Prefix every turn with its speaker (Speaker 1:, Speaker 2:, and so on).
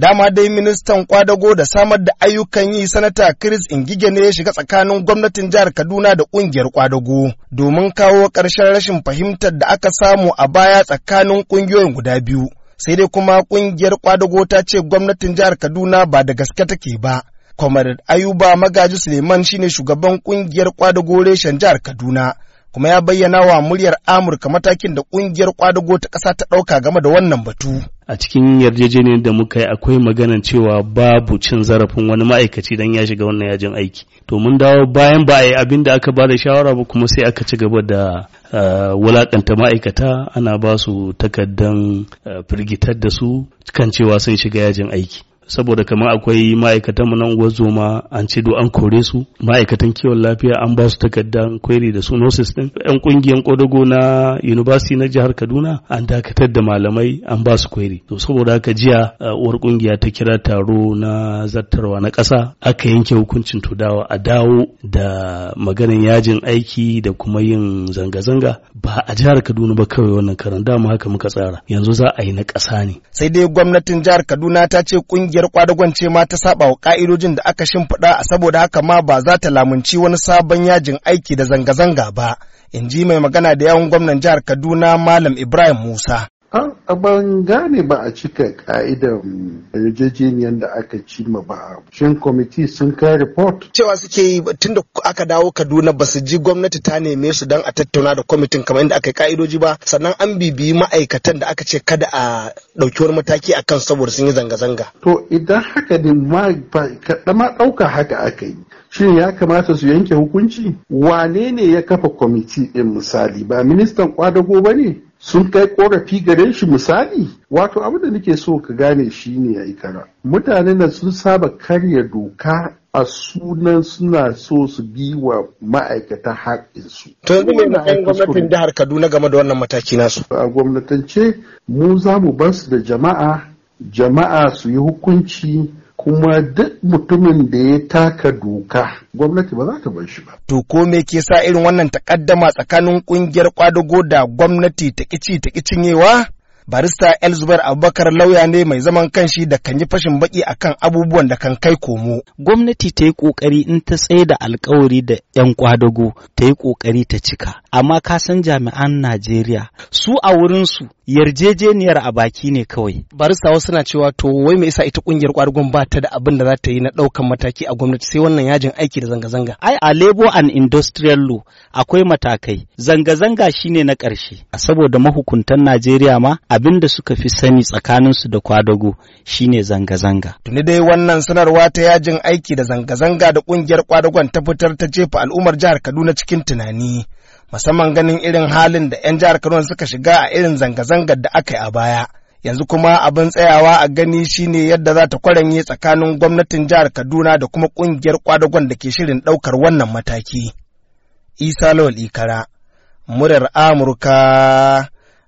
Speaker 1: dama dai ministan kwadago da samar da ayyukan yi sanata chris ingige ne ya shiga tsakanin gwamnatin jihar kaduna da kungiyar kwadago domin kawo ƙarshen rashin fahimtar da aka samu a baya tsakanin ƙungiyoyin guda biyu sai dai kuma ƙungiyar kwadago ta ce gwamnatin jihar kaduna ba da gaske take ba Comrade Ayuba Magaji Suleiman shine shugaban kungiyar kwadago reshen jihar Kaduna kuma ya bayyana wa muryar Amurka matakin da ƙungiyar kwadago ta ƙasa ta ɗauka game da wannan batu.
Speaker 2: A cikin yarjejeniyar da muka yi akwai maganan cewa babu cin zarafin wani ma'aikaci don ya shiga wannan yajin aiki. To mun dawo bayan ba a yi abin da aka ba da shawara ba kuma sai aka ci gaba da eh, wulaƙanta ma'aikata ana ba su takardan eh, firgitar da su kan cewa sun shiga yajin aiki. saboda kamar akwai ma'aikatan mu nan zoma an ce do an kore su ma'aikatan kiwon lafiya an ba su takardar query da su nurses din yan kungiyan kodago na university na jihar Kaduna an dakatar da malamai an ba su query to saboda haka jiya uh, uwar kungiya ta kira taro na zartarwa na ƙasa aka yanke hukuncin to dawo a dawo da maganin yajin aiki da kuma yin zanga-zanga ba a jihar Kaduna ba kawai wannan karan dama haka muka tsara yanzu za a yi na ƙasa ne
Speaker 1: sai dai gwamnatin jihar Kaduna ta ce kungiyar ƙungiyar kwadagon ce ma ta saba wa ƙa'idojin da aka shimfiɗa saboda haka ma ba za ta lamunci wani sabon yajin aiki da zanga-zanga ba, in ji mai magana da yawun gwamnan jihar Kaduna Malam Ibrahim Musa.
Speaker 3: a ban gane ba a cika ka'idar yarjejeniyar da aka ci ma ba shin kwamiti sun kai report cewa suke yi tun da
Speaker 1: aka dawo kaduna ba su ji gwamnati ta neme su don a tattauna da kwamitin kamar yadda aka yi ka'idoji ba sannan an bibiyi ma'aikatan da aka ce kada a ɗauki mataki a kan saboda sun yi zanga-zanga
Speaker 3: to idan haka ne ma ma ɗauka haka aka yi shin ya kamata su yanke hukunci wane ne ya kafa kwamiti ɗin misali ba ministan kwadago ba ne sun kai korafi gare shi misali wato abin da nake so ka gane shi ne a ikara mutanen da sun saba karya doka a sunan suna so su bi wa ma'aikata haƙinsu. To yanzu ne matsayin gwamnatin jihar Kaduna game da wannan mataki nasu. A gwamnatance mu za mu su da jama'a, jama'a su yi hukunci kuma duk mutumin da ya taka doka gwamnati ba za
Speaker 1: ta bar shi ba. To ko me ke sa irin wannan takaddama tsakanin kungiyar kwadago da gwamnati ta kici ta cinyewa? barista elzubar abubakar lauya ne mai zaman kanshi da kan yi
Speaker 4: fashin baki akan abubuwan da kan kai komo gwamnati ta yi kokari in ta tsaye da alkawari da yan kwadago ta yi kokari ta cika amma ka san jami'an najeriya su a wurin su yarjejeniyar a baki ne kawai
Speaker 1: barista wasu suna cewa to wai me yasa
Speaker 4: ita kungiyar kwadagon ba ta da abin da za ta yi na daukan mataki a gwamnati sai wannan yajin aiki da zanga-zanga ai a labor and industrial law akwai matakai zanga-zanga shine na karshe saboda mahukuntan najeriya ma a abin da suka fi sani tsakaninsu da kwadago shine zanga-zanga.
Speaker 1: Tuni dai wannan sanarwa ta yajin aiki da zanga-zanga da ƙungiyar kwadagon ta fitar ta jefa al'ummar jihar Kaduna cikin tunani. Musamman ganin irin halin da 'yan jihar Kaduna suka shiga a irin zanga-zangar da aka yi a baya. yanzu kuma abin tsayawa a gani shine yadda za ta kwaranye tsakanin gwamnatin jihar Kaduna da kuma ƙungiyar kwadagon da ke shirin ɗaukar wannan mataki. Isa Lawal Ikara, murar Amurka